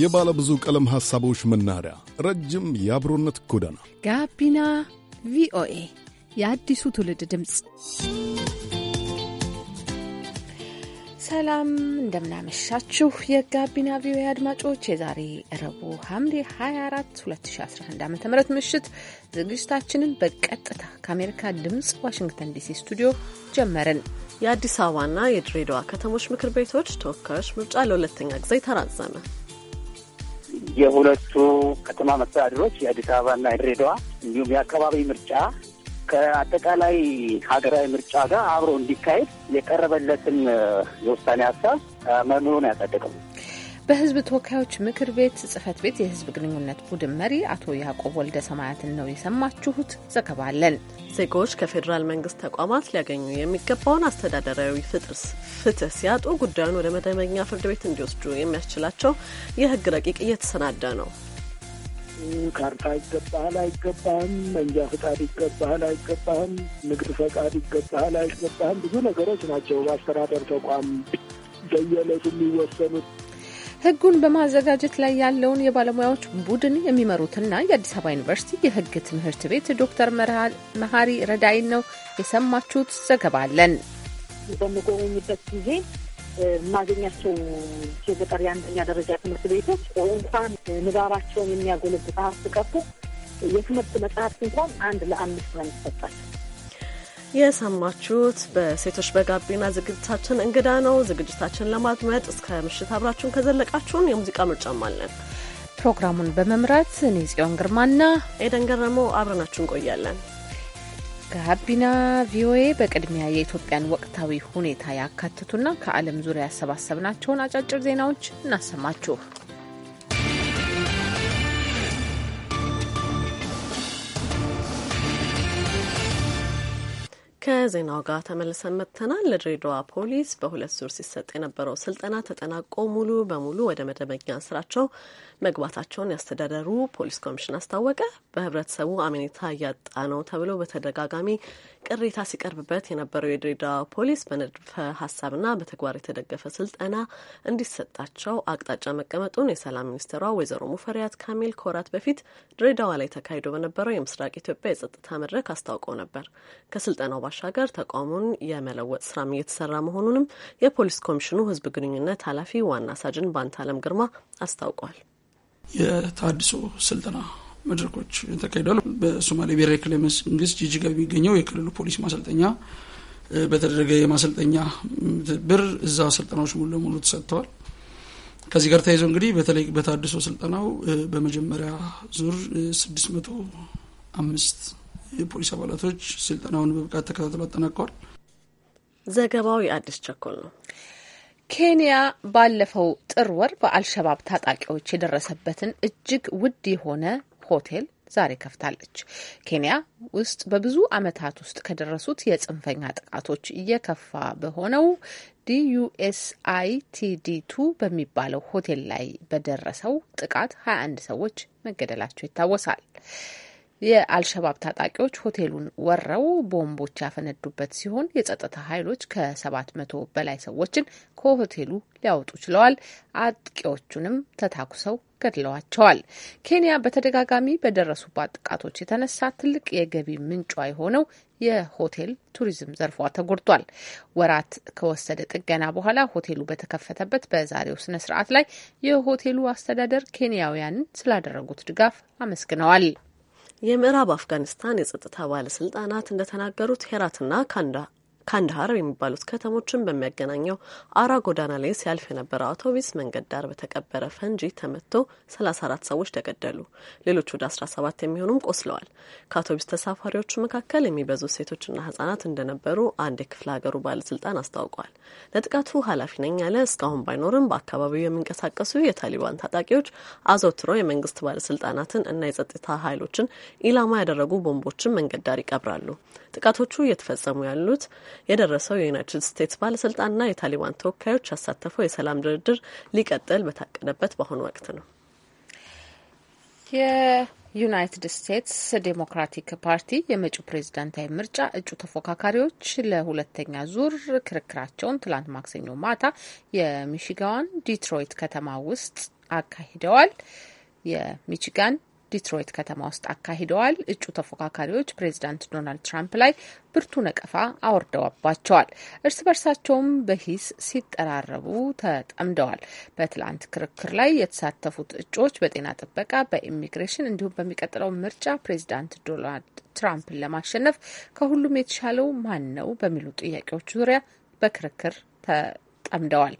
የባለ ብዙ ቀለም ሐሳቦች መናኸሪያ፣ ረጅም የአብሮነት ጎዳና ጋቢና ቪኦኤ የአዲሱ ትውልድ ድምፅ። ሰላም እንደምናመሻችሁ የጋቢና ቪኦኤ አድማጮች የዛሬ ረቡ ሐምሌ 24 2011 ዓ ም ምሽት ዝግጅታችንን በቀጥታ ከአሜሪካ ድምፅ ዋሽንግተን ዲሲ ስቱዲዮ ጀመርን። የአዲስ አበባና የድሬዳዋ ከተሞች ምክር ቤቶች ተወካዮች ምርጫ ለሁለተኛ ጊዜ ተራዘመ። የሁለቱ ከተማ መስተዳድሮች የአዲስ አበባና የድሬዳዋ እንዲሁም የአካባቢ ምርጫ ከአጠቃላይ ሀገራዊ ምርጫ ጋር አብሮ እንዲካሄድ የቀረበለትን የውሳኔ ሀሳብ መኖሩን ያጸደቀው በህዝብ ተወካዮች ምክር ቤት ጽህፈት ቤት የህዝብ ግንኙነት ቡድን መሪ አቶ ያዕቆብ ወልደ ሰማያትን ነው የሰማችሁት። ዘገባ አለን። ዜጎች ከፌዴራል መንግስት ተቋማት ሊያገኙ የሚገባውን አስተዳደራዊ ፍትህ ሲያጡ ጉዳዩን ወደ መደበኛ ፍርድ ቤት እንዲወስዱ የሚያስችላቸው የህግ ረቂቅ እየተሰናዳ ነው። ካርታ ይገባሃል አይገባህም፣ መንጃ ፍቃድ ይገባሃል አይገባህም፣ ንግድ ፈቃድ ይገባሃል አይገባህም፣ ብዙ ነገሮች ናቸው በአስተዳደር ተቋም በየዕለቱ የሚወሰኑት። ህጉን በማዘጋጀት ላይ ያለውን የባለሙያዎች ቡድን የሚመሩትና የአዲስ አበባ ዩኒቨርሲቲ የህግ ትምህርት ቤት ዶክተር መሀሪ ረዳይን ነው የሰማችሁት። ዘገባ አለን። በምጎበኝበት ጊዜ የማገኛቸው የገጠር የአንደኛ ደረጃ ትምህርት ቤቶች እንኳን ንባባቸውን የሚያጎለብት መጽሐፍ ቀርቶ የትምህርት መጽሐፍት እንኳን አንድ ለአምስት ነው የሚሰጣቸው የሰማችሁት በሴቶች በጋቢና ዝግጅታችን እንግዳ ነው። ዝግጅታችን ለማድመጥ እስከ ምሽት አብራችሁን ከዘለቃችሁን የሙዚቃ ምርጫም አለን። ፕሮግራሙን በመምራት እኔ ጽዮን ግርማና ኤደን ገረመው አብረናችሁ እንቆያለን። ጋቢና ቪኦኤ በቅድሚያ የኢትዮጵያን ወቅታዊ ሁኔታ ያካትቱና ከዓለም ዙሪያ ያሰባሰብናቸውን አጫጭር ዜናዎች እናሰማችሁ። Okay. ከዜናው ጋር ተመልሰን መጥተናል። ለድሬዳዋ ፖሊስ በሁለት ዙር ሲሰጥ የነበረው ስልጠና ተጠናቆ ሙሉ በሙሉ ወደ መደበኛ ስራቸው መግባታቸውን ያስተዳደሩ ፖሊስ ኮሚሽን አስታወቀ። በህብረተሰቡ አመኔታ እያጣ ነው ተብሎ በተደጋጋሚ ቅሬታ ሲቀርብበት የነበረው የድሬዳዋ ፖሊስ በንድፈ ሀሳብና በተግባር የተደገፈ ስልጠና እንዲሰጣቸው አቅጣጫ መቀመጡን የሰላም ሚኒስትሯ ወይዘሮ ሙፈሪያት ካሚል ከወራት በፊት ድሬዳዋ ላይ ተካሂዶ በነበረው የምስራቅ ኢትዮጵያ የጸጥታ መድረክ አስታውቀው ነበር። ከስልጠናው ባሻ። በማነጋገር ተቋሙን የመለወጥ ስራም እየተሰራ መሆኑንም የፖሊስ ኮሚሽኑ ህዝብ ግንኙነት ኃላፊ ዋና ሳጅን ባንታለም ግርማ አስታውቋል። የታድሶ ስልጠና መድረኮች ተካሂደዋል። በሶማሌ ብሔራዊ ክልል መንግስት ጅጅጋ የሚገኘው የክልሉ ፖሊስ ማሰልጠኛ በተደረገ የማሰልጠኛ ትብብር እዛ ስልጠናዎች ሙሉ ለሙሉ ተሰጥተዋል። ከዚህ ጋር ተያይዞ እንግዲህ በተለይ በታድሶ ስልጠናው በመጀመሪያ ዙር ስድስት መቶ አምስት የፖሊስ አባላቶች ስልጠናውን በብቃት ተከታትሎ አጠናቀዋል። ዘገባው የአዲስ ቸኮል ነው። ኬንያ ባለፈው ጥር ወር በአልሸባብ ታጣቂዎች የደረሰበትን እጅግ ውድ የሆነ ሆቴል ዛሬ ከፍታለች። ኬንያ ውስጥ በብዙ ዓመታት ውስጥ ከደረሱት የጽንፈኛ ጥቃቶች እየከፋ በሆነው ዲዩኤስአይቲዲቱ በሚባለው ሆቴል ላይ በደረሰው ጥቃት 21 ሰዎች መገደላቸው ይታወሳል። የአልሸባብ ታጣቂዎች ሆቴሉን ወረው ቦምቦች ያፈነዱበት ሲሆን የጸጥታ ኃይሎች ከሰባት መቶ በላይ ሰዎችን ከሆቴሉ ሊያወጡ ችለዋል። አጥቂዎቹንም ተታኩሰው ገድለዋቸዋል። ኬንያ በተደጋጋሚ በደረሱባት ጥቃቶች የተነሳ ትልቅ የገቢ ምንጯ የሆነው የሆቴል ቱሪዝም ዘርፏ ተጎድቷል። ወራት ከወሰደ ጥገና በኋላ ሆቴሉ በተከፈተበት በዛሬው ስነ ስርዓት ላይ የሆቴሉ አስተዳደር ኬንያውያንን ስላደረጉት ድጋፍ አመስግነዋል። የምዕራብ አፍጋኒስታን የጸጥታ ባለስልጣናት እንደተናገሩት ሄራትና ካንዳ ካንዳሃር የሚባሉት ከተሞችን በሚያገናኘው አራ ጎዳና ላይ ሲያልፍ የነበረ አውቶቡስ መንገድ ዳር በተቀበረ ፈንጂ ተመትቶ ሰላሳ አራት ሰዎች ተገደሉ። ሌሎች ወደ አስራ ሰባት የሚሆኑም ቆስለዋል። ከአውቶቡስ ተሳፋሪዎቹ መካከል የሚበዙት ሴቶችና ህጻናት እንደነበሩ አንድ የክፍለ ሀገሩ ባለስልጣን አስታውቋል። ለጥቃቱ ኃላፊ ነኝ ያለ እስካሁን ባይኖርም በአካባቢው የሚንቀሳቀሱ የታሊባን ታጣቂዎች አዘውትሮ የመንግስት ባለስልጣናትን እና የጸጥታ ኃይሎችን ኢላማ ያደረጉ ቦምቦችን መንገድ ዳር ይቀብራሉ። ጥቃቶቹ እየተፈጸሙ ያሉት የደረሰው የዩናይትድ ስቴትስ ባለስልጣንና የታሊባን ተወካዮች ያሳተፈው የሰላም ድርድር ሊቀጥል በታቀደበት በአሁኑ ወቅት ነው። የዩናይትድ ስቴትስ ዴሞክራቲክ ፓርቲ የመጪው ፕሬዚዳንታዊ ምርጫ እጩ ተፎካካሪዎች ለሁለተኛ ዙር ክርክራቸውን ትላንት ማክሰኞ ማታ የሚሽጋዋን ዲትሮይት ከተማ ውስጥ አካሂደዋል። የሚችጋን ዲትሮይት ከተማ ውስጥ አካሂደዋል። እጩ ተፎካካሪዎች ፕሬዚዳንት ዶናልድ ትራምፕ ላይ ብርቱ ነቀፋ አውርደዋባቸዋል። እርስ በርሳቸውም በሂስ ሲጠራረቡ ተጠምደዋል። በትላንት ክርክር ላይ የተሳተፉት እጩዎች በጤና ጥበቃ፣ በኢሚግሬሽን እንዲሁም በሚቀጥለው ምርጫ ፕሬዚዳንት ዶናልድ ትራምፕን ለማሸነፍ ከሁሉም የተሻለው ማን ነው በሚሉ ጥያቄዎች ዙሪያ በክርክር ጠምደዋል።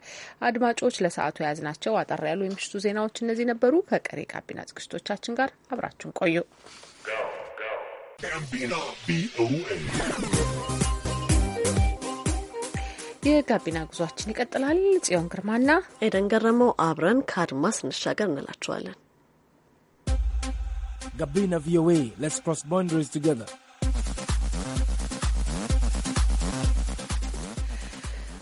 አድማጮች ለሰዓቱ የያዝናቸው አጠር ያሉ የምሽቱ ዜናዎች እነዚህ ነበሩ። ከቀሪ ጋቢና ዝግጅቶቻችን ጋር አብራችሁን ቆዩ። የጋቢና ጉዟችን ይቀጥላል። ጽዮን ግርማና ኤደን ገረመው አብረን ከአድማስ እንሻገር እንላችኋለን። ጋቢና ቪኦኤ ሌትስ ክሮስ ባውንደሪስ ቱጌዘር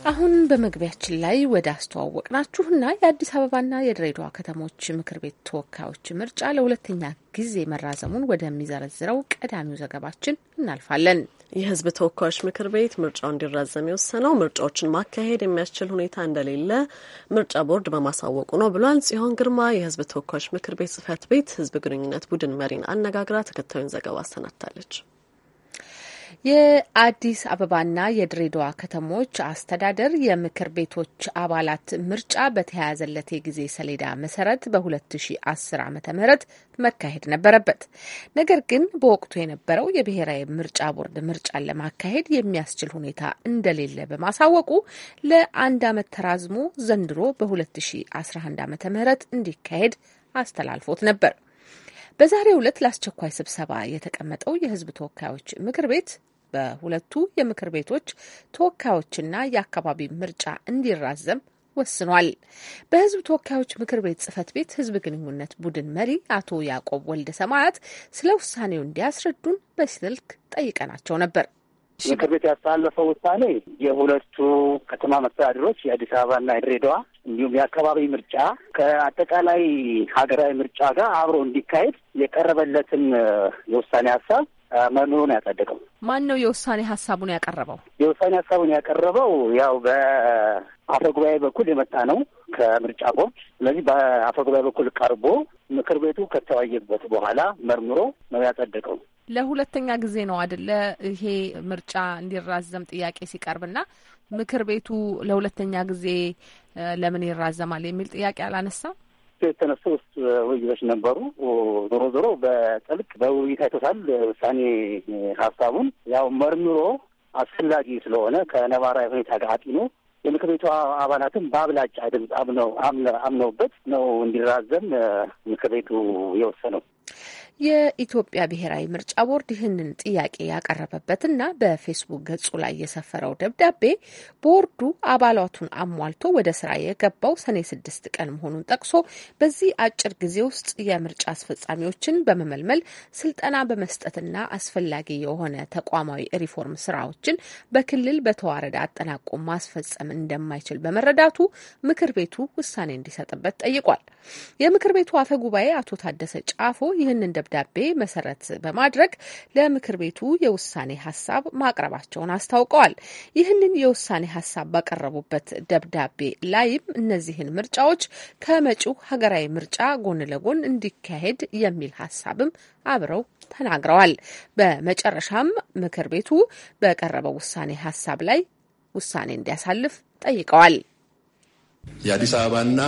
አሁን በመግቢያችን ላይ ወደ አስተዋወቅ ናችሁና የአዲስ አበባና የድሬዳዋ ከተሞች ምክር ቤት ተወካዮች ምርጫ ለሁለተኛ ጊዜ መራዘሙን ወደሚዘረዝረው ቀዳሚው ዘገባችን እናልፋለን። የህዝብ ተወካዮች ምክር ቤት ምርጫው እንዲራዘም የወሰነው ምርጫዎችን ማካሄድ የሚያስችል ሁኔታ እንደሌለ ምርጫ ቦርድ በማሳወቁ ነው ብሏል። ጽዮን ግርማ የህዝብ ተወካዮች ምክር ቤት ጽህፈት ቤት ህዝብ ግንኙነት ቡድን መሪን አነጋግራ ተከታዩን ዘገባ አሰናድታለች። የአዲስ አበባና የድሬዳዋ ከተሞች አስተዳደር የምክር ቤቶች አባላት ምርጫ በተያያዘለት የጊዜ ሰሌዳ መሰረት በ2010 ዓ. ም መካሄድ ነበረበት። ነገር ግን በወቅቱ የነበረው የብሔራዊ ምርጫ ቦርድ ምርጫን ለማካሄድ የሚያስችል ሁኔታ እንደሌለ በማሳወቁ ለአንድ ዓመት ተራዝሞ ዘንድሮ በ2011 ም እንዲካሄድ አስተላልፎት ነበር። በዛሬው ዕለት ለአስቸኳይ ስብሰባ የተቀመጠው የህዝብ ተወካዮች ምክር ቤት በሁለቱ የምክር ቤቶች ተወካዮችና የአካባቢ ምርጫ እንዲራዘም ወስኗል። በህዝብ ተወካዮች ምክር ቤት ጽህፈት ቤት ህዝብ ግንኙነት ቡድን መሪ አቶ ያዕቆብ ወልደ ሰማያት ስለ ውሳኔው እንዲያስረዱን በስልክ ጠይቀናቸው ነበር። ምክር ቤት ያስተላለፈው ውሳኔ የሁለቱ ከተማ መስተዳድሮች የአዲስ አበባና ድሬዳዋ እንዲሁም የአካባቢ ምርጫ ከአጠቃላይ ሀገራዊ ምርጫ ጋር አብሮ እንዲካሄድ የቀረበለትን የውሳኔ ሀሳብ መኖሩን ያጸደቀው ማን ነው? የውሳኔ ሀሳቡን ያቀረበው የውሳኔ ሀሳቡን ያቀረበው ያው በአፈ ጉባኤ በኩል የመጣ ነው ከምርጫ ቦርድ። ስለዚህ በአፈ ጉባኤ በኩል ቀርቦ ምክር ቤቱ ከተወያየበት በኋላ መርምሮ ነው ያጸደቀው። ለሁለተኛ ጊዜ ነው አደለ? ይሄ ምርጫ እንዲራዘም ጥያቄ ሲቀርብና ምክር ቤቱ ለሁለተኛ ጊዜ ለምን ይራዘማል የሚል ጥያቄ አላነሳም። የተነሱ ውስጥ ውይይቶች ነበሩ። ዞሮ ዞሮ በጥልቅ በውይይት አይቶታል። ውሳኔ ሀሳቡን ያው መርምሮ አስፈላጊ ስለሆነ ከነባራዊ ሁኔታ ጋር አጢኖ የምክር ቤቱ አባላትም በአብላጫ ድምፅ አምነውበት ነው እንዲራዘም ምክር ቤቱ የወሰነው። የኢትዮጵያ ብሔራዊ ምርጫ ቦርድ ይህንን ጥያቄ ያቀረበበትና በፌስቡክ ገጹ ላይ የሰፈረው ደብዳቤ ቦርዱ አባላቱን አሟልቶ ወደ ስራ የገባው ሰኔ ስድስት ቀን መሆኑን ጠቅሶ በዚህ አጭር ጊዜ ውስጥ የምርጫ አስፈጻሚዎችን በመመልመል ስልጠና በመስጠትና አስፈላጊ የሆነ ተቋማዊ ሪፎርም ስራዎችን በክልል በተዋረደ አጠናቆ ማስፈጸም እንደማይችል በመረዳቱ ምክር ቤቱ ውሳኔ እንዲሰጥበት ጠይቋል። የምክር ቤቱ አፈ ጉባኤ አቶ ታደሰ ጫፎ ይህንን ደብዳቤ መሰረት በማድረግ ለምክር ቤቱ የውሳኔ ሀሳብ ማቅረባቸውን አስታውቀዋል። ይህንን የውሳኔ ሀሳብ ባቀረቡበት ደብዳቤ ላይም እነዚህን ምርጫዎች ከመጪው ሀገራዊ ምርጫ ጎን ለጎን እንዲካሄድ የሚል ሀሳብም አብረው ተናግረዋል። በመጨረሻም ምክር ቤቱ በቀረበው ውሳኔ ሀሳብ ላይ ውሳኔ እንዲያሳልፍ ጠይቀዋል። የአዲስ አበባና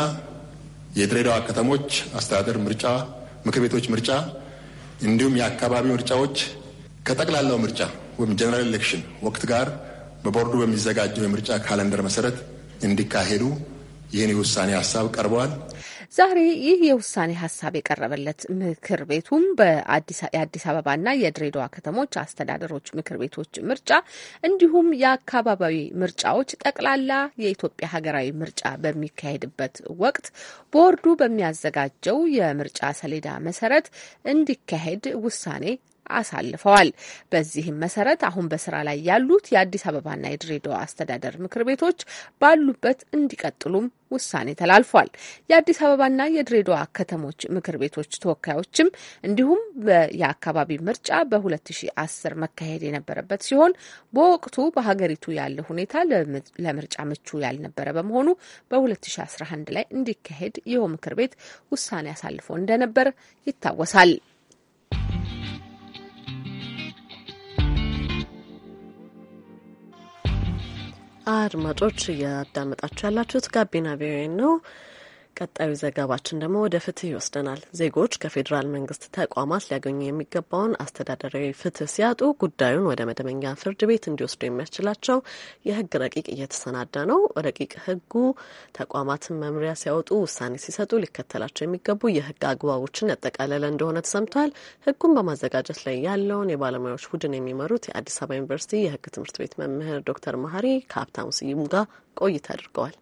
የድሬዳዋ ከተሞች አስተዳደር ምርጫ ምክር ቤቶች ምርጫ እንዲሁም የአካባቢ ምርጫዎች ከጠቅላላው ምርጫ ወይም ጀነራል ኤሌክሽን ወቅት ጋር በቦርዱ በሚዘጋጀው የምርጫ ካለንደር መሰረት እንዲካሄዱ ይህን የውሳኔ ሀሳብ ቀርበዋል። ዛሬ ይህ የውሳኔ ሀሳብ የቀረበለት ምክር ቤቱም የአዲስ አበባና የድሬዳዋ ከተሞች አስተዳደሮች ምክር ቤቶች ምርጫ እንዲሁም የአካባቢያዊ ምርጫዎች ጠቅላላ የኢትዮጵያ ሀገራዊ ምርጫ በሚካሄድበት ወቅት ቦርዱ በሚያዘጋጀው የምርጫ ሰሌዳ መሰረት እንዲካሄድ ውሳኔ አሳልፈዋል። በዚህም መሰረት አሁን በስራ ላይ ያሉት የአዲስ አበባና የድሬዳዋ አስተዳደር ምክር ቤቶች ባሉበት እንዲቀጥሉም ውሳኔ ተላልፏል። የአዲስ አበባና የድሬዳዋ ከተሞች ምክር ቤቶች ተወካዮችም እንዲሁም የአካባቢ ምርጫ በ2010 መካሄድ የነበረበት ሲሆን በወቅቱ በሀገሪቱ ያለ ሁኔታ ለምርጫ ምቹ ያልነበረ በመሆኑ በ2011 ላይ እንዲካሄድ ይኸው ምክር ቤት ውሳኔ አሳልፎ እንደነበር ይታወሳል። አድማጮች እያዳመጣችሁ ያላችሁት ጋቢና ቪኦኤ ነው። ቀጣዩ ዘገባችን ደግሞ ወደ ፍትህ ይወስደናል። ዜጎች ከፌዴራል መንግስት ተቋማት ሊያገኙ የሚገባውን አስተዳደራዊ ፍትህ ሲያጡ ጉዳዩን ወደ መደበኛ ፍርድ ቤት እንዲወስዱ የሚያስችላቸው የህግ ረቂቅ እየተሰናዳ ነው። ረቂቅ ህጉ ተቋማትን መምሪያ ሲያወጡ፣ ውሳኔ ሲሰጡ ሊከተላቸው የሚገቡ የህግ አግባቦችን ያጠቃለለ እንደሆነ ተሰምቷል። ህጉን በማዘጋጀት ላይ ያለውን የባለሙያዎች ቡድን የሚመሩት የአዲስ አበባ ዩኒቨርሲቲ የህግ ትምህርት ቤት መምህር ዶክተር መሀሪ ከሀብታሙ ስዩም ጋር ቆይታ አድርገዋል።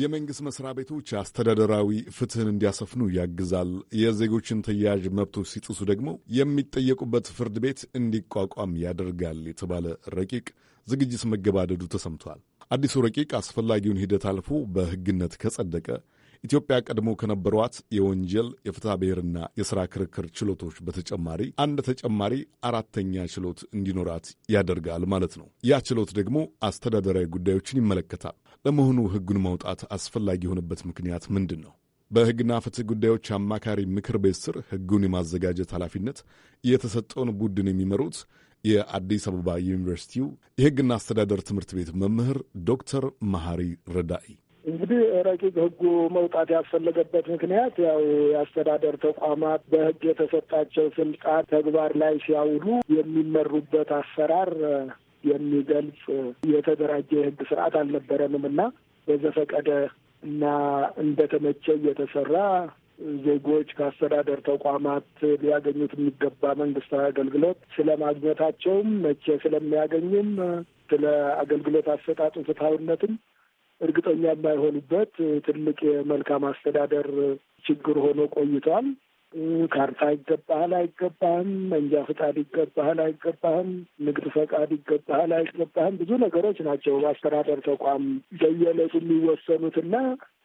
የመንግሥት መስሪያ ቤቶች አስተዳደራዊ ፍትህን እንዲያሰፍኑ ያግዛል። የዜጎችን ተያያዥ መብቶች ሲጥሱ ደግሞ የሚጠየቁበት ፍርድ ቤት እንዲቋቋም ያደርጋል የተባለ ረቂቅ ዝግጅት መገባደዱ ተሰምቷል። አዲሱ ረቂቅ አስፈላጊውን ሂደት አልፎ በሕግነት ከጸደቀ ኢትዮጵያ ቀድሞ ከነበሯት የወንጀል የፍትሐ ብሔርና የሥራ ክርክር ችሎቶች በተጨማሪ አንድ ተጨማሪ አራተኛ ችሎት እንዲኖራት ያደርጋል ማለት ነው። ያ ችሎት ደግሞ አስተዳደራዊ ጉዳዮችን ይመለከታል። ለመሆኑ ሕጉን ማውጣት አስፈላጊ የሆነበት ምክንያት ምንድን ነው? በሕግና ፍትሕ ጉዳዮች አማካሪ ምክር ቤት ስር ሕጉን የማዘጋጀት ኃላፊነት የተሰጠውን ቡድን የሚመሩት የአዲስ አበባ ዩኒቨርሲቲው የሕግና አስተዳደር ትምህርት ቤት መምህር ዶክተር መሐሪ ረዳኢ እንግዲህ ረቂቅ ሕጉ መውጣት ያስፈለገበት ምክንያት ያው የአስተዳደር ተቋማት በህግ የተሰጣቸው ስልጣን ተግባር ላይ ሲያውሉ የሚመሩበት አሰራር የሚገልጽ የተደራጀ የህግ ስርዓት አልነበረንም እና በዘፈቀደ እና እንደተመቸ እየተሰራ ዜጎች ከአስተዳደር ተቋማት ሊያገኙት የሚገባ መንግስታዊ አገልግሎት ማግኘታቸውም መቼ ስለሚያገኝም ስለ አገልግሎት አሰጣጡ ፍትሐዊነትም እርግጠኛ የማይሆኑበት ትልቅ የመልካም አስተዳደር ችግር ሆኖ ቆይቷል። ካርታ ይገባሃል አይገባህም፣ መንጃ ፍቃድ ይገባሃል አይገባህም፣ ንግድ ፈቃድ ይገባሃል አይገባህም፣ ብዙ ነገሮች ናቸው በአስተዳደር ተቋም በየዕለቱ የሚወሰኑትና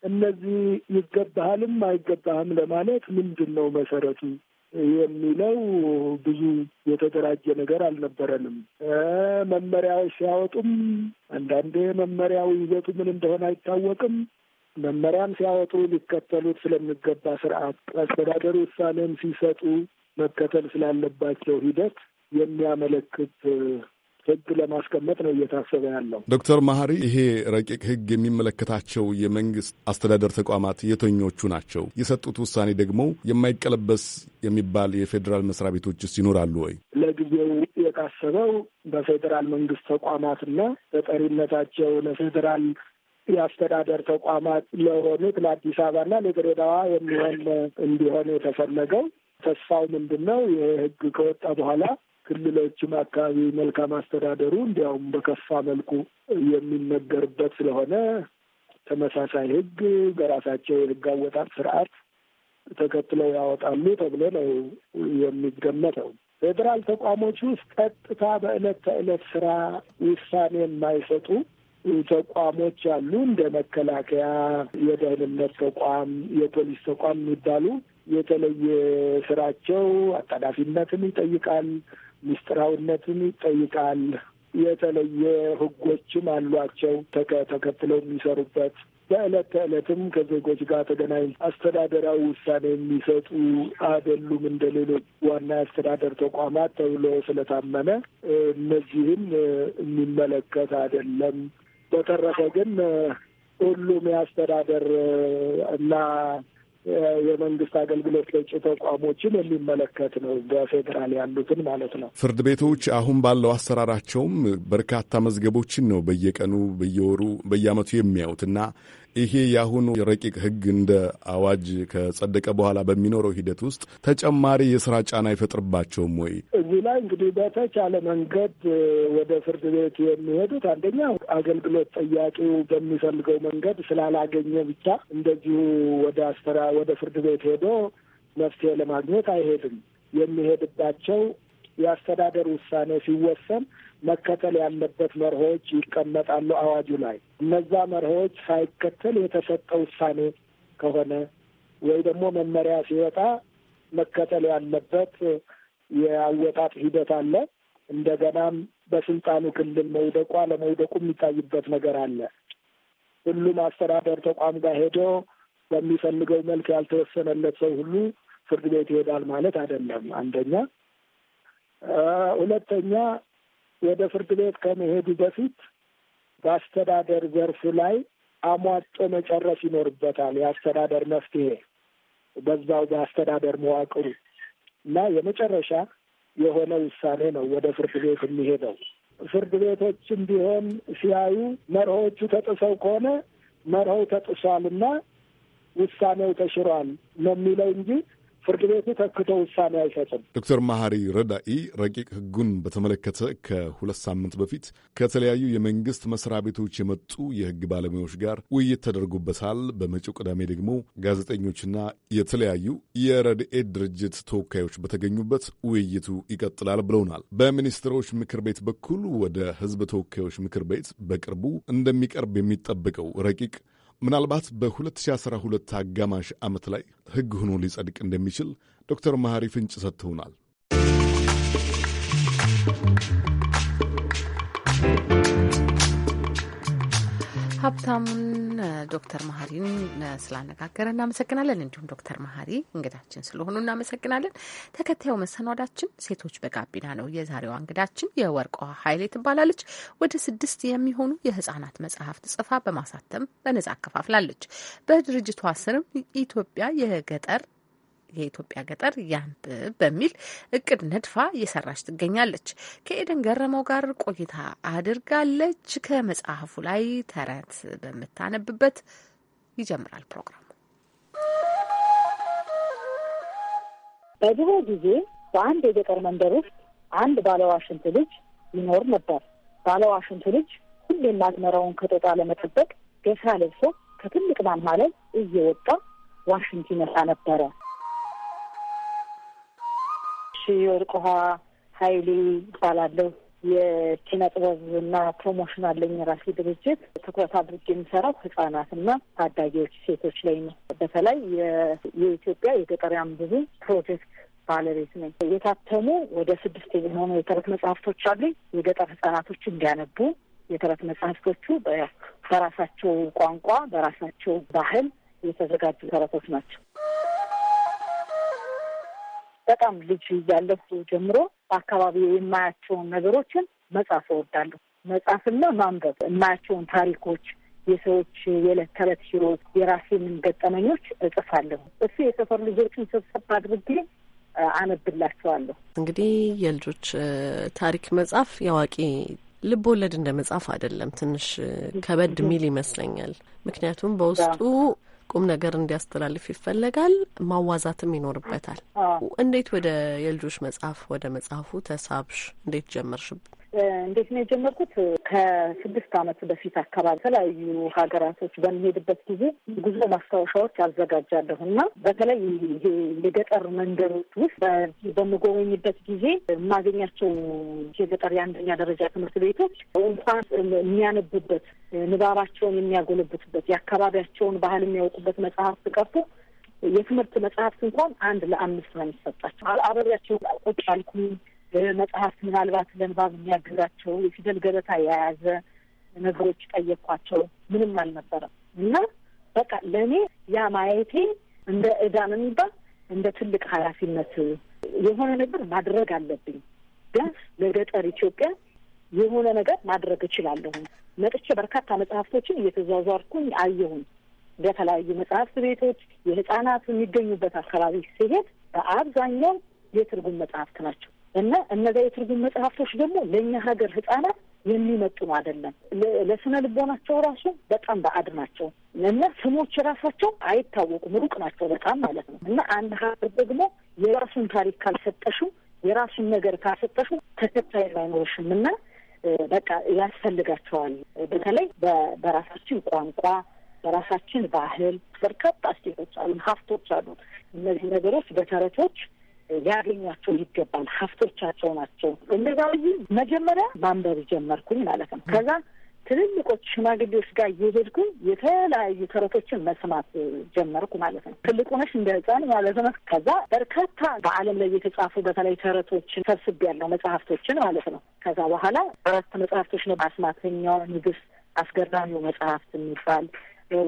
እነዚህ ይገባሃልም አይገባህም ለማለት ምንድን ነው መሰረቱ? የሚለው ብዙ የተደራጀ ነገር አልነበረንም። መመሪያዎች ሲያወጡም አንዳንዴ መመሪያው ይዘቱ ምን እንደሆነ አይታወቅም። መመሪያም ሲያወጡ ሊከተሉት ስለሚገባ ስርዓት፣ አስተዳደሩ ውሳኔም ሲሰጡ መከተል ስላለባቸው ሂደት የሚያመለክት ህግ ለማስቀመጥ ነው እየታሰበ ያለው። ዶክተር መሀሪ ይሄ ረቂቅ ህግ የሚመለከታቸው የመንግስት አስተዳደር ተቋማት የተኞቹ ናቸው? የሰጡት ውሳኔ ደግሞ የማይቀለበስ የሚባል የፌዴራል መስሪያ ቤቶችስ ይኖራሉ ወይ? ለጊዜው የታሰበው በፌዴራል መንግስት ተቋማትና በጠሪነታቸው ለፌዴራል የአስተዳደር ተቋማት ለሆኑት ለአዲስ አበባና ለድሬዳዋ የሚሆን እንዲሆን የተፈለገው ተስፋው ምንድን ነው? ይህ ህግ ከወጣ በኋላ ክልሎችም አካባቢ መልካም አስተዳደሩ እንዲያውም በከፋ መልኩ የሚነገርበት ስለሆነ ተመሳሳይ ህግ በራሳቸው የህግ አወጣት ስርዓት ተከትለው ያወጣሉ ተብሎ ነው የሚገመተው። ፌዴራል ተቋሞች ውስጥ ቀጥታ በዕለት ተዕለት ስራ ውሳኔ የማይሰጡ ተቋሞች አሉ። እንደ መከላከያ፣ የደህንነት ተቋም፣ የፖሊስ ተቋም የሚባሉ የተለየ ስራቸው አጣዳፊነትን ይጠይቃል። ምስጢራዊነትን ይጠይቃል። የተለየ ህጎችም አሏቸው ተከትለው የሚሰሩበት በዕለት ተዕለትም ከዜጎች ጋር ተገናኝ አስተዳደራዊ ውሳኔ የሚሰጡ አይደሉም። እንደ ሌሎች ዋና የአስተዳደር ተቋማት ተብሎ ስለታመነ እነዚህም የሚመለከት አይደለም። በተረፈ ግን ሁሉም የአስተዳደር እና የመንግስት አገልግሎት ሰጪ ተቋሞችን የሚመለከት ነው። በፌዴራል ያሉትን ማለት ነው። ፍርድ ቤቶች አሁን ባለው አሰራራቸውም በርካታ መዝገቦችን ነው በየቀኑ፣ በየወሩ፣ በየአመቱ የሚያዩት እና ይሄ የአሁኑ ረቂቅ ህግ እንደ አዋጅ ከጸደቀ በኋላ በሚኖረው ሂደት ውስጥ ተጨማሪ የስራ ጫና አይፈጥርባቸውም ወይ? እዚህ ላይ እንግዲህ በተቻለ መንገድ ወደ ፍርድ ቤት የሚሄዱት አንደኛ አገልግሎት ጠያቂው በሚፈልገው መንገድ ስላላገኘ ብቻ እንደዚሁ ወደ አስተራ ወደ ፍርድ ቤት ሄዶ መፍትሄ ለማግኘት አይሄድም። የሚሄድባቸው የአስተዳደር ውሳኔ ሲወሰን መከተል ያለበት መርሆች ይቀመጣሉ አዋጁ ላይ። እነዛ መርሆች ሳይከተል የተሰጠ ውሳኔ ከሆነ ወይ ደግሞ መመሪያ ሲወጣ መከተል ያለበት የአወጣጥ ሂደት አለ። እንደገናም በስልጣኑ ክልል መውደቁ አለመውደቁ የሚታይበት ነገር አለ። ሁሉም አስተዳደር ተቋም ጋር ሄዶ በሚፈልገው መልክ ያልተወሰነለት ሰው ሁሉ ፍርድ ቤት ይሄዳል ማለት አይደለም። አንደኛ ሁለተኛ ወደ ፍርድ ቤት ከመሄዱ በፊት በአስተዳደር ዘርፉ ላይ አሟጦ መጨረስ ይኖርበታል። የአስተዳደር መፍትሄ በዛው በአስተዳደር መዋቅሩ እና የመጨረሻ የሆነ ውሳኔ ነው ወደ ፍርድ ቤት የሚሄደው። ፍርድ ቤቶችም ቢሆን ሲያዩ መርሆቹ ተጥሰው ከሆነ መርሆው ተጥሷል እና ውሳኔው ተሽሯል ነው የሚለው እንጂ ፍርድ ቤቱ ተክቶ ውሳኔ አይሰጥም። ዶክተር መሐሪ ረዳኢ ረቂቅ ህጉን በተመለከተ ከሁለት ሳምንት በፊት ከተለያዩ የመንግስት መስሪያ ቤቶች የመጡ የህግ ባለሙያዎች ጋር ውይይት ተደርጎበታል። በመጪው ቅዳሜ ደግሞ ጋዜጠኞችና የተለያዩ የረድኤት ድርጅት ተወካዮች በተገኙበት ውይይቱ ይቀጥላል ብለውናል። በሚኒስትሮች ምክር ቤት በኩል ወደ ህዝብ ተወካዮች ምክር ቤት በቅርቡ እንደሚቀርብ የሚጠበቀው ረቂቅ ምናልባት በ2012 አጋማሽ ዓመት ላይ ሕግ ሆኖ ሊጸድቅ እንደሚችል ዶክተር መሐሪ ፍንጭ ሰጥተውናል። ሀብታሙን ዶክተር መሀሪን ስላነጋገረ እናመሰግናለን። እንዲሁም ዶክተር መሀሪ እንግዳችን ስለሆኑ እናመሰግናለን። ተከታዩ መሰናዳችን ሴቶች በጋቢና ነው። የዛሬዋ እንግዳችን የወርቋ ኃይሌ ትባላለች። ወደ ስድስት የሚሆኑ የህጻናት መጽሐፍት ጽፋ በማሳተም በነጻ አከፋፍላለች። በድርጅቷ ስርም ኢትዮጵያ የገጠር የኢትዮጵያ ገጠር ያንብብ በሚል እቅድ ነድፋ እየሰራች ትገኛለች። ከኤደን ገረመው ጋር ቆይታ አድርጋለች። ከመጽሐፉ ላይ ተረት በምታነብበት ይጀምራል ፕሮግራሙ። በድሮ ጊዜ በአንድ የገጠር መንደር ውስጥ አንድ ባለዋሽንት ልጅ ይኖር ነበር። ባለዋሽንቱ ልጅ ሁሌም አዝመራውን ከጦጣ ለመጠበቅ ገሳ ለብሶ ከትልቅ ማማ ላይ እየወጣ ዋሽንት ይነሳ ነበረ። ወርቅ ውሃ ሀይሌ ይባላለሁ። የኪነ ጥበብና ፕሮሞሽን አለኝ ራሴ ድርጅት። ትኩረት አድርጌ የሚሰራው ህጻናትና ታዳጊዎች ሴቶች ላይ ነው። በተለይ የኢትዮጵያ የገጠሪያም ብዙ ፕሮጀክት ባለቤት ነኝ። የታተሙ ወደ ስድስት የሚሆኑ የተረት መጽሐፍቶች አሉኝ። የገጠር ህጻናቶች እንዲያነቡ የተረት መጽሐፍቶቹ በራሳቸው ቋንቋ በራሳቸው ባህል የተዘጋጁ ተረቶች ናቸው። በጣም ልጅ እያለሁ ጀምሮ በአካባቢ የማያቸውን ነገሮችን መጻፍ እወዳለሁ። መጻፍና ማንበብ የማያቸውን ታሪኮች፣ የሰዎች የዕለት ተዕለት ህይወት፣ የራሴን ገጠመኞች እጽፋለሁ። እሱ የሰፈር ልጆችን ሰብሰብ አድርጌ አነብላቸዋለሁ። እንግዲህ የልጆች ታሪክ መጻፍ ያዋቂ ልብ ወለድ እንደ መጻፍ አይደለም። ትንሽ ከበድ ሚል ይመስለኛል። ምክንያቱም በውስጡ ቁም ነገር እንዲያስተላልፍ ይፈለጋል። ማዋዛትም ይኖርበታል። እንዴት ወደ የልጆች መጽሐፍ ወደ መጽሐፉ ተሳብሽ? እንዴት ጀመርሽብ? እንዴት ነው የጀመርኩት? ከስድስት አመት በፊት አካባቢ የተለያዩ ሀገራቶች በሚሄድበት ጊዜ ጉዞ ማስታወሻዎች አዘጋጃለሁ እና በተለይ ይሄ የገጠር መንደሮች ውስጥ በምጎበኝበት ጊዜ የማገኛቸው የገጠር የአንደኛ ደረጃ ትምህርት ቤቶች እንኳን የሚያነቡበት ንባባቸውን የሚያጎለብቱበት የአካባቢያቸውን ባህል የሚያውቁበት መጽሐፍ ቀርቶ የትምህርት መጽሐፍት እንኳን አንድ ለአምስት ነው የሚሰጣቸው። አበሪያቸው ቁጭ አልኩኝ። መጽሐፍት ምናልባት ለንባብ የሚያግዛቸው የፊደል ገበታ የያዘ ነገሮች ጠየኳቸው። ምንም አልነበረም እና በቃ ለእኔ ያ ማየቴ እንደ ዕዳ ነው የሚባል እንደ ትልቅ ኃላፊነት የሆነ ነገር ማድረግ አለብኝ። ቢያንስ ለገጠር ኢትዮጵያ የሆነ ነገር ማድረግ እችላለሁ። መጥቼ በርካታ መጽሐፍቶችን እየተዟዟርኩኝ አየሁኝ። በተለያዩ መጽሐፍት ቤቶች የህፃናት የሚገኙበት አካባቢ ሲሄድ በአብዛኛው የትርጉም መጽሐፍት ናቸው። እና እነዚያ የትርጉም መጽሐፍቶች ደግሞ ለእኛ ሀገር ህጻናት የሚመጡም አይደለም። ለስነ ልቦናቸው ራሱ በጣም በአድ ናቸው እና ስሞች ራሳቸው አይታወቁም፣ ሩቅ ናቸው በጣም ማለት ነው። እና አንድ ሀገር ደግሞ የራሱን ታሪክ ካልሰጠሹ፣ የራሱን ነገር ካልሰጠሹ ተከታይ አይኖርሽም እና በቃ ያስፈልጋቸዋል። በተለይ በራሳችን ቋንቋ በራሳችን ባህል በርካታ ስቴቶች አሉ፣ ሀብቶች አሉ። እነዚህ ነገሮች በተረቶች ሊያገኛቸው ይገባል። ሀብቶቻቸው ናቸው። እንደዛ ብዬ መጀመሪያ ማንበብ ጀመርኩኝ ማለት ነው። ከዛ ትልልቆች ሽማግሌዎች ጋር እየሄድኩኝ የተለያዩ ተረቶችን መስማት ጀመርኩ ማለት ነው። ትልቁ ነሽ እንደ ህፃን ማለት ነው። ከዛ በርካታ በዓለም ላይ የተጻፉ በተለይ ተረቶችን ሰብስቤ ያለው መጽሐፍቶችን ማለት ነው። ከዛ በኋላ አራት መጽሐፍቶች ነው አስማተኛው ንግስት፣ አስገራሚው መጽሐፍት የሚባል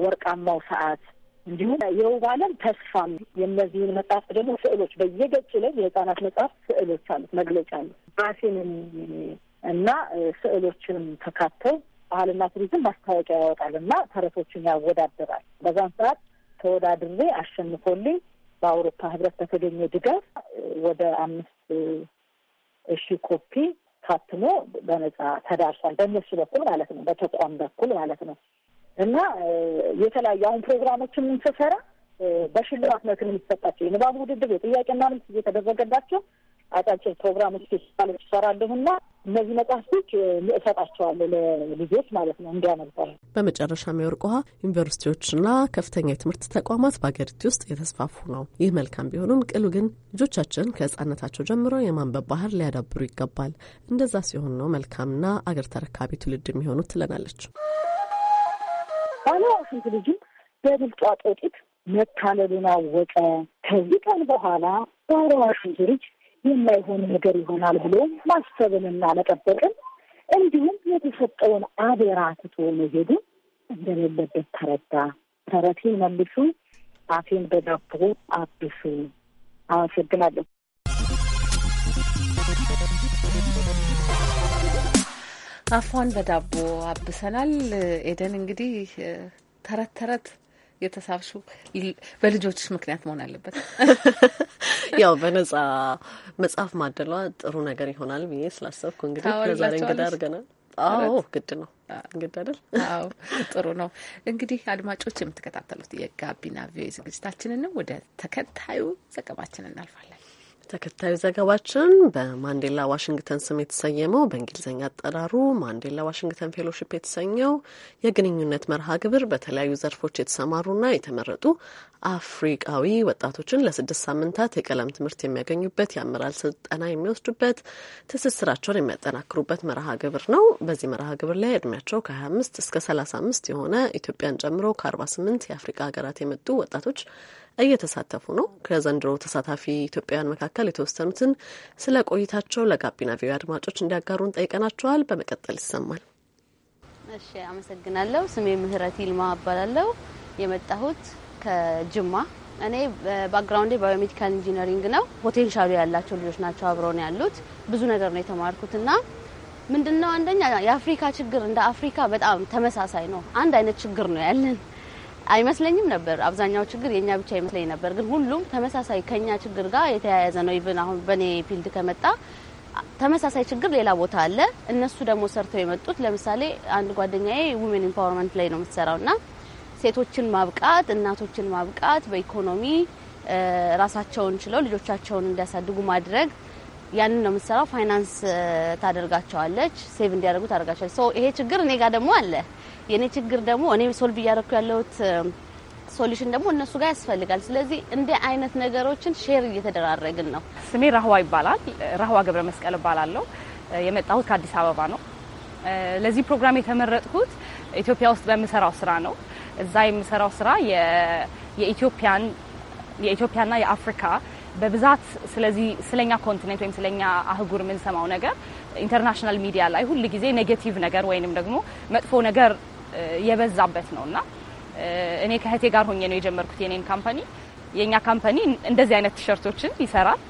ወርቃማው ሰዓት እንዲሁም የውብ ዓለም ተስፋም የእነዚህን መጽሐፍ ደግሞ ስዕሎች በየገጹ ላይ የህጻናት መጽሐፍ ስዕሎች አሉት፣ መግለጫ አሉት። ባሴንን እና ስዕሎችንም ተካተው ባህልና ቱሪዝም ማስታወቂያ ያወጣል እና ተረቶችን ያወዳደራል። በዛን ሰዓት ተወዳድሬ አሸንፎልኝ በአውሮፓ ህብረት በተገኘ ድጋፍ ወደ አምስት እሺ ኮፒ ታትሞ በነጻ ተዳርሷል። በእነሱ በኩል ማለት ነው፣ በተቋም በኩል ማለት ነው። እና የተለያዩ አሁን ፕሮግራሞችን የምንሰራ በሽልማት መልክ ነው የሚሰጣቸው። የንባብ ውድድር፣ የጥያቄና መልስ እየተደረገላቸው አጫጭር ፕሮግራሞች ፌስቲቫሎች ይሰራለሁና እነዚህ መጽሐፍቶች እሰጣቸዋለሁ ለልጆች ማለት ነው እንዲያነባሉ። በመጨረሻ የሚወርቅ ውሃ ዩኒቨርሲቲዎችና ከፍተኛ የትምህርት ተቋማት በሀገሪቱ ውስጥ የተስፋፉ ነው። ይህ መልካም ቢሆንም ቅሉ ግን ልጆቻችን ከህጻነታቸው ጀምሮ የማንበብ ባህር ሊያዳብሩ ይገባል። እንደዛ ሲሆን ነው መልካምና አገር ተረካቢ ትውልድ የሚሆኑት ትለናለች። ባለው ስንት ልጅም በብልጧ ጦጢት መታለሉን አወቀ። ከዚህ ቀን በኋላ ባሪያዋ ሽንቱ ልጅ የማይሆን ነገር ይሆናል ብሎ ማሰብንና መጠበቅን እንዲሁም የተሰጠውን አደራ ትቶ መሄዱ እንደሌለበት ተረዳ። ተረቴን መልሱ፣ አፌን በዳቦ አብሱ። አመሰግናለሁ። አፏን በዳቦ አብሰናል። ኤደን እንግዲህ ተረት ተረት የተሳብሹ በልጆችሽ ምክንያት መሆን አለበት። ያው በነጻ መጽሐፍ ማደሏ ጥሩ ነገር ይሆናል ብዬ ስላሰብኩ እንግዲህ ለዛሬ እንግዳ አድርገናል። አዎ ግድ ነው ግድ አይደል? አዎ ጥሩ ነው። እንግዲህ አድማጮች የምትከታተሉት የጋቢና ቪኦኤ ዝግጅታችንን ነው። ወደ ተከታዩ ዘገባችን እናልፋለን። ተከታዩ ዘገባችን በማንዴላ ዋሽንግተን ስም የተሰየመው በእንግሊዝኛ አጠራሩ ማንዴላ ዋሽንግተን ፌሎሽፕ የተሰኘው የግንኙነት መርሃ ግብር በተለያዩ ዘርፎች የተሰማሩና የተመረጡ አፍሪቃዊ ወጣቶችን ለስድስት ሳምንታት የቀለም ትምህርት የሚያገኙበት፣ የአመራር ስልጠና የሚወስዱበት፣ ትስስራቸውን የሚያጠናክሩበት መርሃ ግብር ነው። በዚህ መርሃ ግብር ላይ እድሜያቸው ከ25 እስከ 35 የሆነ ኢትዮጵያን ጨምሮ ከ48 የአፍሪቃ ሀገራት የመጡ ወጣቶች እየተሳተፉ ነው። ከዘንድሮ ተሳታፊ ኢትዮጵያውያን መካከል የተወሰኑትን ስለ ቆይታቸው ለጋቢና ቪዮ አድማጮች እንዲያጋሩን ጠይቀናቸዋል። በመቀጠል ይሰማል። እሺ፣ አመሰግናለሁ። ስሜ ምህረት ይልማ እባላለሁ። የመጣሁት ከጅማ እኔ ባክግራውንዴ ባዮሜዲካል ኢንጂነሪንግ ነው። ፖቴንሻሉ ያላቸው ልጆች ናቸው አብረው ነው ያሉት። ብዙ ነገር ነው የተማርኩትና ምንድነው አንደኛ የአፍሪካ ችግር እንደ አፍሪካ በጣም ተመሳሳይ ነው። አንድ አይነት ችግር ነው ያለን አይመስለኝም ነበር። አብዛኛው ችግር የእኛ ብቻ ይመስለኝ ነበር፣ ግን ሁሉም ተመሳሳይ ከኛ ችግር ጋር የተያያዘ ነው። ኢቭን አሁን በእኔ ፊልድ ከመጣ ተመሳሳይ ችግር ሌላ ቦታ አለ። እነሱ ደግሞ ሰርተው የመጡት ለምሳሌ አንድ ጓደኛዬ ውሜን ኢምፓወርመንት ላይ ነው የምትሰራው እና ሴቶችን ማብቃት፣ እናቶችን ማብቃት፣ በኢኮኖሚ ራሳቸውን ችለው ልጆቻቸውን እንዲያሳድጉ ማድረግ ያንን ነው የምትሰራው። ፋይናንስ ታደርጋቸዋለች፣ ሴቭ እንዲያደርጉ ታደርጋቸዋለች። ይሄ ችግር እኔ ጋር ደግሞ አለ። የእኔ ችግር ደግሞ እኔ ሶልቭ እያደረኩ ያለሁት ሶሉሽን ደግሞ እነሱ ጋር ያስፈልጋል። ስለዚህ እንደ አይነት ነገሮችን ሼር እየተደራረግን ነው። ስሜ ራህዋ ይባላል። ራህዋ ገብረ መስቀል እባላለሁ። የመጣሁት ከአዲስ አበባ ነው። ለዚህ ፕሮግራም የተመረጥኩት ኢትዮጵያ ውስጥ በምሰራው ስራ ነው። እዛ የምሰራው ስራ የኢትዮጵያና የአፍሪካ በብዛት ስለዚህ ስለኛ ኮንቲኔንት ወይም ስለኛ አህጉር የምንሰማው ነገር ኢንተርናሽናል ሚዲያ ላይ ሁል ጊዜ ኔጌቲቭ ነገር ወይንም ደግሞ መጥፎ ነገር የበዛበት ነው እና እኔ ከህቴ ጋር ሆኜ ነው የጀመርኩት የኔን ካምፓኒ። የእኛ ካምፓኒ እንደዚህ አይነት ቲሸርቶችን ይሰራል።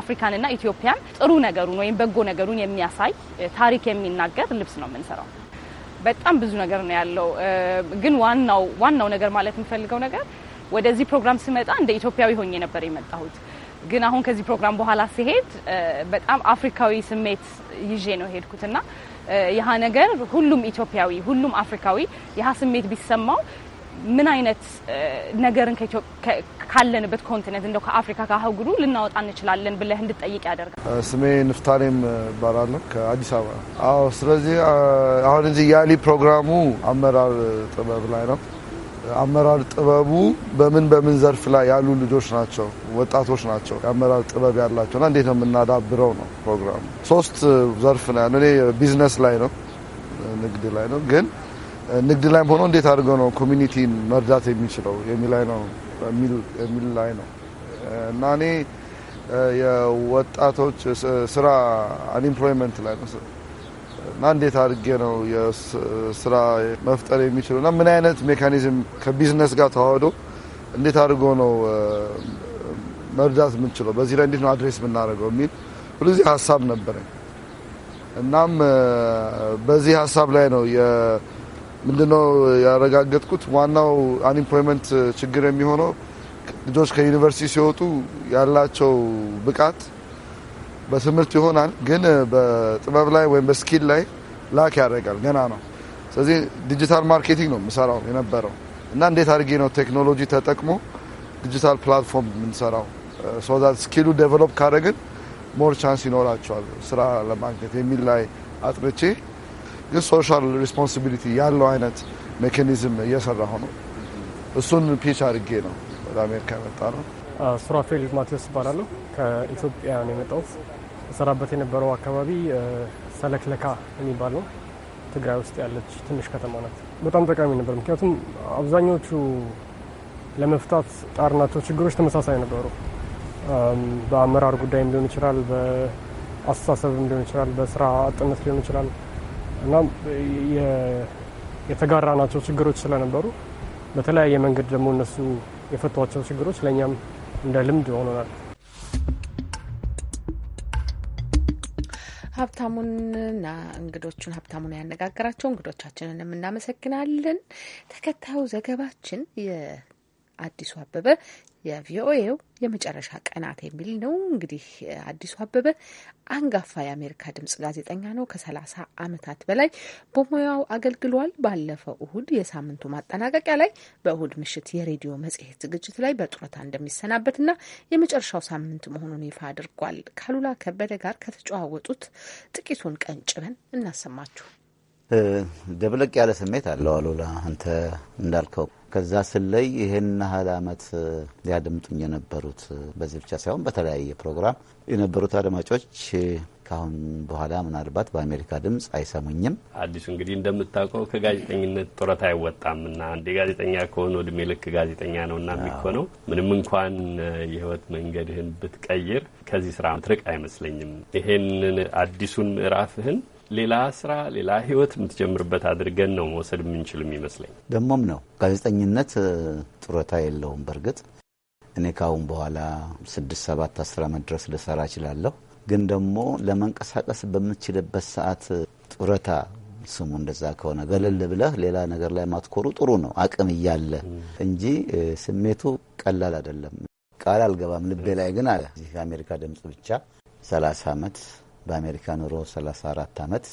አፍሪካንና ኢትዮጵያን ጥሩ ነገሩን ወይም በጎ ነገሩን የሚያሳይ ታሪክ የሚናገር ልብስ ነው የምንሰራው። በጣም ብዙ ነገር ነው ያለው። ግን ዋናው ዋናው ነገር ማለት የምፈልገው ነገር ወደዚህ ፕሮግራም ስመጣ እንደ ኢትዮጵያዊ ሆኜ ነበር የመጣሁት። ግን አሁን ከዚህ ፕሮግራም በኋላ ሲሄድ በጣም አፍሪካዊ ስሜት ይዤ ነው ሄድኩትና ይሃ ነገር ሁሉም ኢትዮጵያዊ ሁሉም አፍሪካዊ ይሃ ስሜት ቢሰማው ምን አይነት ነገርን ካለንበት ኮንቲነንት እንደው ከአፍሪካ ከአህጉሩ ልናወጣ እንችላለን ብለህ እንድጠይቅ ያደርጋል። ስሜ ንፍታሌም እባላለሁ ከአዲስ አበባ። አዎ፣ ስለዚህ አሁን እዚህ ያሊ ፕሮግራሙ አመራር ጥበብ ላይ ነው አመራር ጥበቡ በምን በምን ዘርፍ ላይ ያሉ ልጆች ናቸው፣ ወጣቶች ናቸው የአመራር ጥበብ ያላቸው እና እንዴት ነው የምናዳብረው ነው ፕሮግራሙ። ሶስት ዘርፍ ነው ያለው። እኔ ቢዝነስ ላይ ነው፣ ንግድ ላይ ነው። ግን ንግድ ላይም ሆኖ እንዴት አድርገው ነው ኮሚኒቲን መርዳት የሚችለው የሚል ላይ ነው የሚል ላይ ነው እና እኔ የወጣቶች ስራ አንኤምፕሎይመንት ላይ ነው እና እንዴት አድርጌ ነው የስራ መፍጠር የሚችለው እና ምን አይነት ሜካኒዝም ከቢዝነስ ጋር ተዋህዶ እንዴት አድርጎ ነው መርዳት የምንችለው፣ በዚህ ላይ እንዴት ነው አድሬስ የምናደርገው የሚል ሁልጊዜ ሀሳብ ነበረኝ። እናም በዚህ ሀሳብ ላይ ነው ምንድነው ያረጋገጥኩት ዋናው አንኤምፕሎይመንት ችግር የሚሆነው ልጆች ከዩኒቨርሲቲ ሲወጡ ያላቸው ብቃት በትምህርት ይሆናል፣ ግን በጥበብ ላይ ወይም በስኪል ላይ ላክ ያደርጋል። ገና ነው። ስለዚህ ዲጂታል ማርኬቲንግ ነው የምሰራው የነበረው እና እንዴት አድርጌ ነው ቴክኖሎጂ ተጠቅሞ ዲጂታል ፕላትፎርም የምንሰራው ሶዛት ስኪሉ ዴቨሎፕ ካደረግን ሞር ቻንስ ይኖራቸዋል ስራ ለማግኘት የሚል ላይ አጥርቼ ግን ሶሻል ሪስፖንሲቢሊቲ ያለው አይነት ሜካኒዝም እየሰራ ሆኖ እሱን ፒች አድርጌ ነው ወደ አሜሪካ የመጣ ነው። ሱራፌል ማቴዎስ ይባላለሁ። ከኢትዮጵያ ነው የመጣሁት። እሰራበት የነበረው አካባቢ ሰለክለካ የሚባል ነው። ትግራይ ውስጥ ያለች ትንሽ ከተማ ናት። በጣም ጠቃሚ ነበር፣ ምክንያቱም አብዛኞቹ ለመፍታት ጣርናቸው ችግሮች ተመሳሳይ ነበሩ። በአመራር ጉዳይም ሊሆን ይችላል፣ በአስተሳሰብም ሊሆን ይችላል፣ በስራ አጥነት ሊሆን ይችላል እና የተጋራናቸው ችግሮች ስለነበሩ በተለያየ መንገድ ደግሞ እነሱ የፈቷቸው ችግሮች ለእኛም እንደ ልምድ ሆኖናል። ሀብታሙንና እንግዶቹን ሀብታሙን ያነጋገራቸው እንግዶቻችንን እናመሰግናለን። ተከታዩ ዘገባችን የአዲሱ አበበ የቪኦኤው የመጨረሻ ቀናት የሚል ነው። እንግዲህ አዲሱ አበበ አንጋፋ የአሜሪካ ድምጽ ጋዜጠኛ ነው። ከሰላሳ አመታት በላይ በሙያው አገልግሏል። ባለፈው እሁድ የሳምንቱ ማጠናቀቂያ ላይ በእሁድ ምሽት የሬዲዮ መጽሔት ዝግጅት ላይ በጡረታ እንደሚሰናበት እና የመጨረሻው ሳምንት መሆኑን ይፋ አድርጓል። ካሉላ ከበደ ጋር ከተጨዋወጡት ጥቂቱን ቀንጭበን እናሰማችሁ። ደብለቅ ያለ ስሜት አለው። አሉላ አንተ እንዳልከው ከዛ ስለይ ይህን ያህል ዓመት ሊያደምጡኝ የነበሩት በዚህ ብቻ ሳይሆን በተለያየ ፕሮግራም የነበሩት አድማጮች ካሁን በኋላ ምናልባት በአሜሪካ ድምፅ አይሰሙኝም። አዲሱ እንግዲህ እንደምታውቀው ከጋዜጠኝነት ጡረታ አይወጣምና አንዴ ጋዜጠኛ ከሆነ እድሜ ልክ ጋዜጠኛ ነው እና የሚኮነው ምንም እንኳን የህይወት መንገድህን ብትቀይር ከዚህ ስራ ምትርቅ አይመስለኝም። ይሄንን አዲሱን ምዕራፍህን ሌላ ስራ፣ ሌላ ህይወት የምትጀምርበት አድርገን ነው መውሰድ የምንችል የሚመስለኝ። ደግሞም ነው ጋዜጠኝነት ጡረታ የለውም። በእርግጥ እኔ ካሁን በኋላ ስድስት ሰባት አስር ዓመት ድረስ ልሰራ እችላለሁ። ግን ደግሞ ለመንቀሳቀስ በምትችልበት ሰዓት ጡረታ ስሙ እንደዛ ከሆነ ገለል ብለህ ሌላ ነገር ላይ ማትኮሩ ጥሩ ነው፣ አቅም እያለ እንጂ ስሜቱ ቀላል አይደለም። ቃል አልገባም ልቤ ላይ ግን አለ። እዚህ የአሜሪካ ድምፅ ብቻ ሰላሳ ዓመት በአሜሪካ ኑሮ 34 ዓመት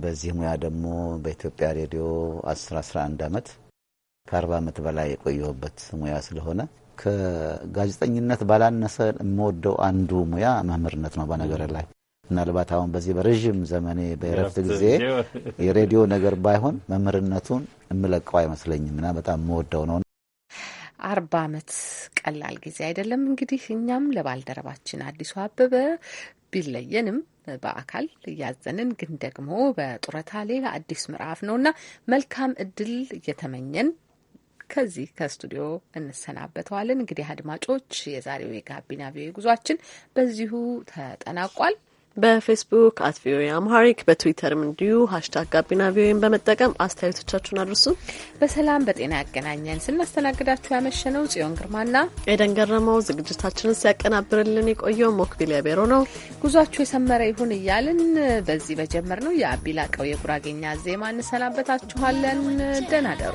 በዚህ ሙያ ደግሞ በኢትዮጵያ ሬዲዮ 11 ዓመት ከ40 ዓመት በላይ የቆየሁበት ሙያ ስለሆነ ከጋዜጠኝነት ባላነሰ የምወደው አንዱ ሙያ መምህርነት ነው። በነገር ላይ ምናልባት አሁን በዚህ በረዥም ዘመኔ በረፍት ጊዜ የሬዲዮ ነገር ባይሆን መምህርነቱን የምለቀው አይመስለኝም እና በጣም የምወደው ነው። አርባ አመት ቀላል ጊዜ አይደለም። እንግዲህ እኛም ለባልደረባችን አዲሱ አበበ ቢለየንም በአካል እያዘንን ግን ደግሞ በጡረታ ሌላ አዲስ ምዕራፍ ነውና መልካም እድል እየተመኘን ከዚህ ከስቱዲዮ እንሰናበተዋለን። እንግዲህ አድማጮች፣ የዛሬው የጋቢና ቪኦኤ ጉዟችን በዚሁ ተጠናቋል። በፌስቡክ አት ቪኦኤ አምሃሪክ በትዊተርም እንዲሁ ሀሽታግ ጋቢና ቪኦኤን በመጠቀም አስተያየቶቻችሁን አድርሱ። በሰላም በጤና ያገናኘን። ስናስተናግዳችሁ ያመሸነው ጽዮን ግርማና ኤደን ገረመው፣ ዝግጅታችንን ሲያቀናብርልን የቆየው ሞክቢል ያቤሮ ነው። ጉዟችሁ የሰመረ ይሁን እያልን በዚህ በጀመር ነው የአቢላቀው የጉራጌኛ ዜማ እንሰናበታችኋለን። ደህና ደሩ